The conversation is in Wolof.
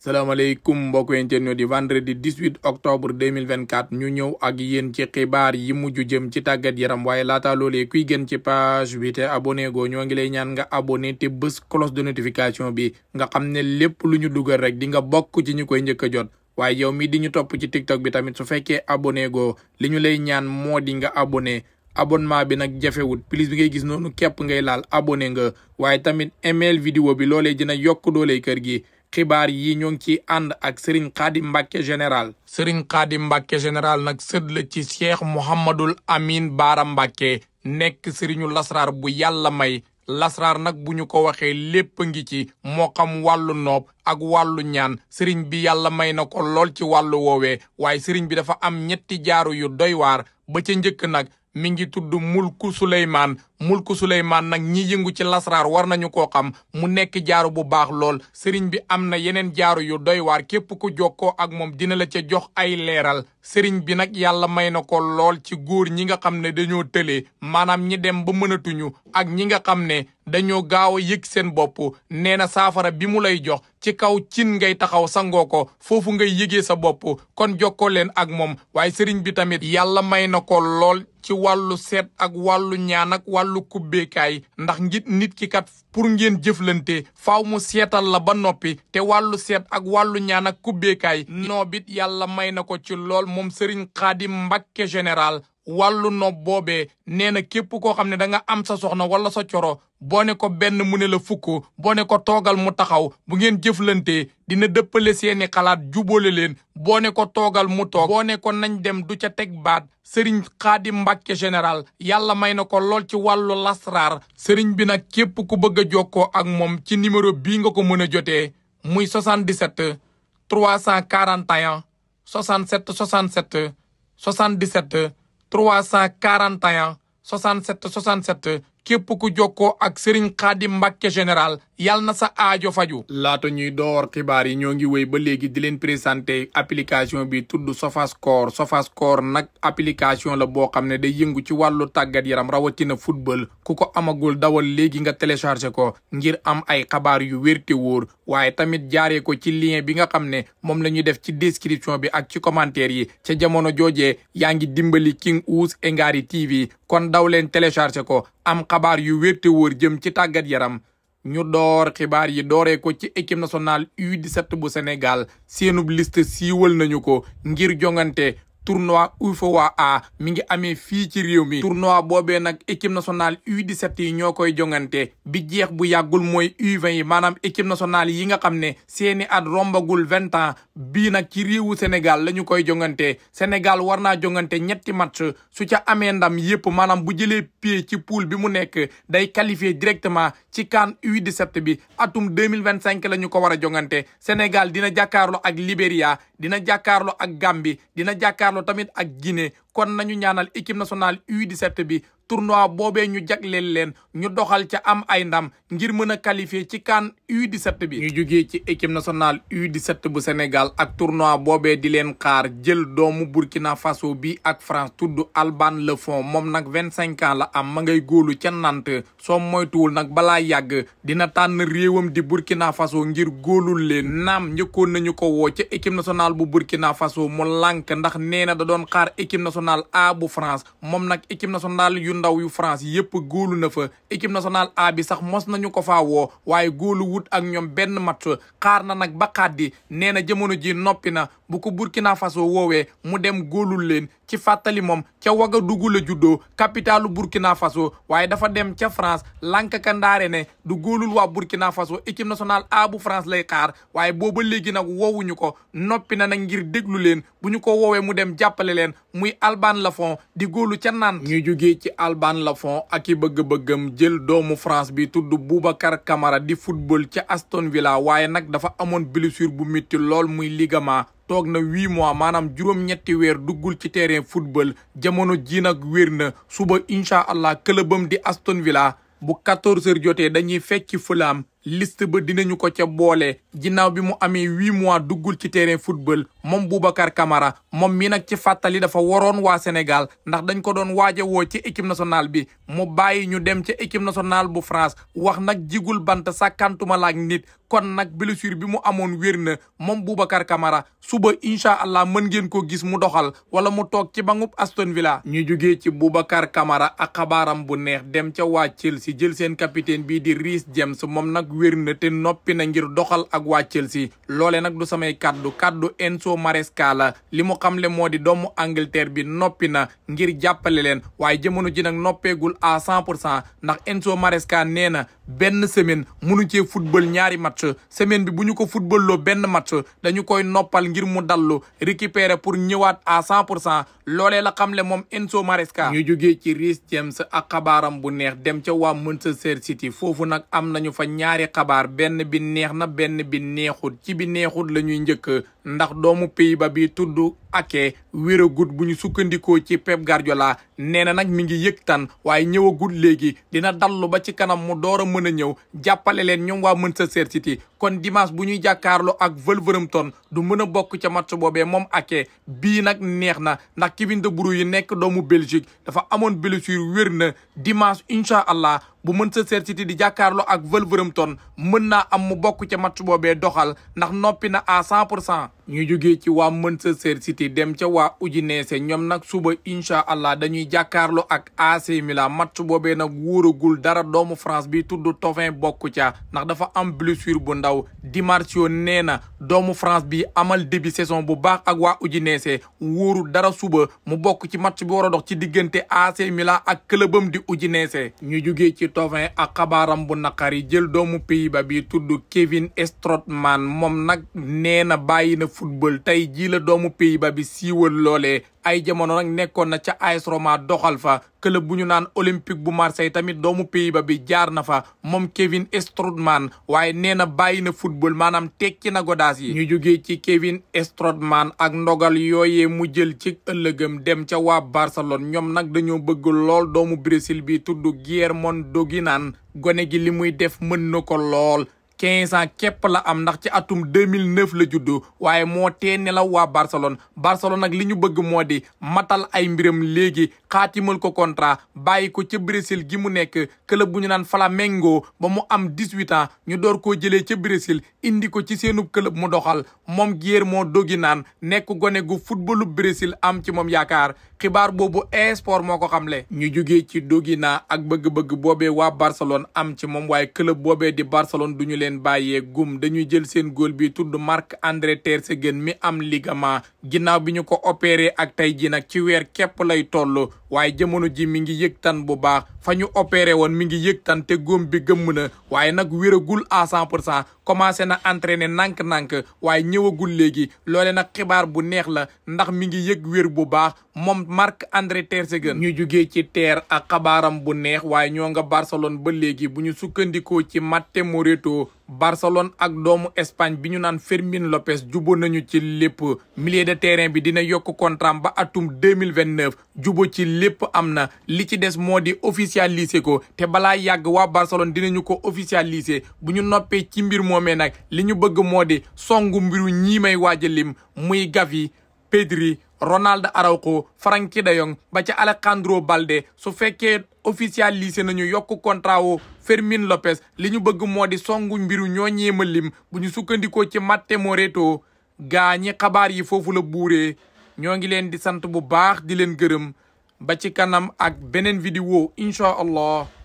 salaamaaleykum mbokk internet di vendredi 18 octobre 2024 ñu ñëw ak yéen ci xibaar yi mujj jëm ci tàggat yaram waaye laata loolee kuy gën ci page bi te abonné go ñoo ngi lay ñaan nga abonné te bés cloche de notification bi nga xam ne lépp lu ñu dugal rek di nga bokk ci ñu koy njëkk a jot waaye yow mi di ñu topp ci tiktok bi tamit su fekkee abone go li ñu lay ñaan moo di nga abonné abonnement bi nag jafewut plus bi ngay gis noonu képp ngay laal abonné nga waaye tamit email vidéo bi loolee dina yokk dooley kër gi. xibaar yi ñoo ngi ciy ànd ak Serigne Khadim Mbacke général Serigne Khadim Mbacke général nag sët la ci Cheikh Mouhamadul Amin Baara Mbacke nekk Serigne Lasrar bu yàlla may Lasrar nag bu ñu ko waxee lépp ngi ci moo xam wàllu noob ak wàllu ñaan sëriñ bi yàlla may na ko lool ci wàllu woowee waaye sëriñ bi dafa am ñetti jaaru yu doy waar ba ca njëkk nag mi ngi tudd mulku suleymaan mulku suleymaan nag ñi yëngu ci lasraar war nañu koo xam mu nekk jaaru bu baax lool sëriñ bi am na yeneen jaaru yu doy képp ku jokkoo ak moom dina la ca jox ay leeral sëriñ bi nag yàlla may na ko lool ci góor ñi nga xam ne dañoo tëlee maanaam ñi dem ba mënatuñu ak ñi nga xam ne dañoo gaaw a yëg seen bopp nee na saafara bi mu lay jox ci kaw cin ngay taxaw sangoo ko foofu ngay yëgee sa bopp kon jokkoo leen ak moom waaye sëriñ bi tamit yàlla may na ko lool ci wàllu seet ak wàllu ñaan ak wàllu kubbeekaay ndax ngit nit ki kat pour ngeen jëflante faw mu seetal la ba noppi te wàllu seet ak wàllu ñaan ak kubbeekaay noobit yàlla may na ko ci lool moom sëriñ xaadim mbakke général wàllu nopp boobee nee na képp koo xam ne da nga am sa soxna wala sa coro boo ne ko benn mu ne la fukk boo ne ko toogal mu taxaw bu ngeen jëflantee dina dëppale seeni xalaat jubale leen boo ne ko toogal mu toog boo ne ko nañ dem du ca teg baat sëriñ xaadim mbàkke général yàlla may na ko lool ci wàllu lasraar sëriñ bi nag képp ku bëgg a jokkoo ak moom ci numéro bii nga ko mën a jotee muy 77 341 67 67 77 341 67 67 képp ku jokkoo ak Serigne Khadim Mbacké général yal na sa aajo faju laata ñuy door xibaar yi ñoo ngi wéy ba léegi di leen présenté application bi tudd Sofascore Sofascore nag application la boo xam ne day yëngu ci wàllu tàggat yaram rawatina football ku ko amagul dawal léegi nga téléchargé ko ngir am ay xabaar yu wér te wóor waaye tamit jaaree ko ci lien bi nga xam ne moom la ñuy def ci description bi ak ci commentaire yi ca jamono joojee yaa ngi dimbali King Ouse Ngary TV kon daw leen téléchargé ko am xabaar yu wér jëm ci tàggat yaram ñu door xibaar yi dooree ko ci équipe nationale U17 bu Sénégal seenub liste siiwal nañu ko ngir jongante tournoi UFOA A mi ngi amee fii ci réew mi tournoi boobee nag équipe nationale U17 yi ñoo koy jongante bi jeex bu yàggul mooy u yi maanaam équipe nationale yi nga xam ne seeni at rombagul vingt ans bii nag ci réewu Sénégal la ñu koy jongante Sénégal war naa jongante ñetti match su ca amee ndam yépp maanaam bu jëlee pied ci poule bi mu nekk day qualifié directement ci CAN U17 bi atum 2025 la ñu ko war a jongante Sénégal dina jàkkaarloo ak Libéria dina jàkkaarloo ak Gambie dina jàkkaarloo tamit ak Guinée kon nañu ñaanal équipe nationale U17 bi tournoi boobee ñu jagleel leen ñu doxal ca am ay ndam ngir mën a qualifier ci CAN U17 bi. ñu jugee ci équipe nationale U17 bu Sénégal ak tournoi boobee di leen xaar jël doomu Burkina Faso bi ak France tudd Alban Lafont moom nag vingt cinq ans la am ma ngay góolu ca Nantes soo moytuwul nag balaa yàgg dina tànn réewam di Burkina Faso ngir góolul leen naam njëkkoon nañu ko woo équipe nationale bu Burkina Faso mu lànk ndax nee nationale A France moom nag équipe nationale yu ndaw yu France yëpp góolu na fa équipe nationale A bi sax mos nañu ko faa woo wut ak ñoom benn match xaar na nag ba xaat di nee na jamono ji noppi na bu ko Burkina Faso woowee mu dem góolul leen ci fàttali moom ca Wagadugu la juddoo capitalu Burkina Faso waaye dafa dem ca France lank ka ne du góolul waa Burkina Faso équipe national A bu France lay xaar waaye booba léegi nag woowuñu ko noppi na nag ngir déglu leen bu ñu ko woowee mu dem jàppale leen muy Alban Lafont di góolu ca naan ñuy jugee ci Alban Lafont ak i bëgg-bëggam jël doomu France bi tudd Boubacar Camara di football ca Aston Villa waaye nag dafa amoon blessure bu métti lool muy ligament toog na huit mois maanaam juróom-ñetti weer duggul ci terrain football jamono jii nag wér na suba incha allah këlëbam di Aston Villa bu 14 jotee dañuy fekk ci list ba dinañu ko ca boole ginnaaw bi mu amee huit mois dugul ci terrain football moom Boubacar Camara moom mi nag ci fàttali dafa waroon waa Sénégal ndax dañ ko doon waaja woo ci équipe nationale bi mu bàyyi ñu dem ci équipe nationale bu France wax nag jigul bant sàkkantuma laak nit kon nag blessure bi mu amoon wér na moom Boubacar Camara suba incha allah mën ngeen ko gis mu doxal wala mu toog ci bangub Aston Villa. ñu jugee ci Boubacar Camara ak xabaaram bu neex dem ca waa Chelsea jël seen capitaine bii di Reece James moom nag ak wér na na ngir doxal ak waa Chelsea loole nag du samay kàddu kàddu Enzo Maresca la li mu xamle moo di doomu Angleterre bi noppi na ngir jàppale leen waaye jamono ji nag noppeegul à cent pour cent ndax Enzo Maresca nee na benn semaine munu cee football ñaari match semaine bi bu ñu ko football benn match dañu koy noppal ngir mu dallu récupérer pour ñëwaat à cent pour cent loolee la xamle moom Enzo Maresca. ñu jógee ci Reece James ak xabaaram bu neex dem ca waa Manchester City foofu nag am nañu fa ñaari xabaar benn bi neex na benn bi neexut ci bi neexut la ñuy njëkk ndax doomu pays ba bi tudd Ake wéragut bu ñu sukkandikoo ci Pep Guardiola nee na nag mi ngi yëg tan waaye ñëwagut léegi dina dallu ba ci kanam mu door a mën a ñëw jàppale leen ñoom waa Manchester City kon dimanche bu ñuy jàkkaarloo ak Wolverhampton du mën a bokk ca match be moom Ake bii nag neex na ndax Kevin De Bruyne yi nekk doomu Belgique dafa amoon blessure wér na dimanche incha allah. bu mën Manchester City di jàkkaarloo ak Wolverhampton mën naa am mu bokk ca match boobee doxal ndax noppi na à cent pour cent ñu jógee ci waa Manchester City dem ca waa Udinese ñoom nag suba incha allah dañuy jàkkaarloo ak AC Milan match boobee nag wóoragul dara doomu France bi tudd Thauvin bokk ca ndax dafa am blessure bu ndaw Di Marzio nee na doomu France bi amal début saison bu baax ak waa Udinese wóoru dara suba mu bokk ci match bi war dox ci diggante AC Milan ak clubam di Udinese ñu jógee Tovin ak xabaaram bu naqari jël doomu pays bi tudd Kevin Strootman moom nag nee na bàyyi na football tey jii la doomu pays bi siiwal loole ay jamono nag nekkoon na ca AS doxal fa club bu ñu naan Olympique bu Marseille tamit doomu pays ba bi jaar na fa moom Kevin Strootman waaye nee na bàyyi na football maanaam tekki na godaas yi. ñu jógee ci Kevin Strootman ak ndogal yooyee mu jël ci ëllëgëm dem ca waa Barcelone ñoom nag dañoo bëgg lool doomu Brésil bi tudd Guillermo Doginan gone gi li muy def mën na ko lool. quinze ans képp la am ndax ci atum 2009 la juddoo waaye moo tee nelaw waa Barcelone Barcelone nag li ñu bëgg moo di matal ay mbiram léegi xaatimal ko contrat bàyyi ko ca Brésil gi mu nekk club bu ñu naan Flamengo ba mu am 18 ans ñu door koo jëlee ca Brésil indi ko ci seenu club mu doxal moom moo doggi naan nekk gone gu footballu Brésil am ci moom yaakaar xibaar boobu esport moo ko xamle ñu jóge ci dogina ak bëgg-bëgg boobe waa Barcelone am ci moom waaye club boobee di Barcelone duñu leen bàyyee gum dañuy jël seen góol bi tudd Marc-André Ter Stegen mi am ligament ginnaaw bi ñu ko opéré ak tey ji nag ci weer kepp lay toll waaye jamono ji mi ngi yëg tan bu baax fa ñu opéré woon mi ngi yëg tan te góom bi gëmm na waaye nag wéragul à cent pour cent commencé na entraîner nànk-nànk waaye ñëwagul léegi loole nag xibaar bu neex la ndax mi ngi yëg wér bu baax moom Marc-André Ter Stegen ñu jugee ci teer ak xabaaram bu neex waaye ñoo nga Barcelone ba léegi bu ñu sukkandikoo ci Matteo Moretto Barcelone ak doomu Espagne bi ñu naan Fermin Lopez jubo nañu ci lépp milieu de terrain bi dina yokk contrat ba atum deux mille vingt neuf jubo ci lépp am na li ci des moo di officialiser ko te balaa yàgg waa Barcelone dinañu ko officialiser bu ñu noppee ci mbir moomee nag li ñu bëgg moo di songu mbiru ñii may waaj a lim muy Gavi Pedri. Ronald Araujo Frenkie de Jong ba ca Alejandro Balde su fekkee officialisé nañu yokk contrat wu Fermin Lopez li ñu bëgg moo di songu mbiru ñooñee ma bu ñu sukkandikoo ci Matte Moreto gaañi ñi xabaar yi foofu la buuree ñoo ngi leen di sant bu baax di leen gërëm ba ci kanam ak beneen vidéo incha allah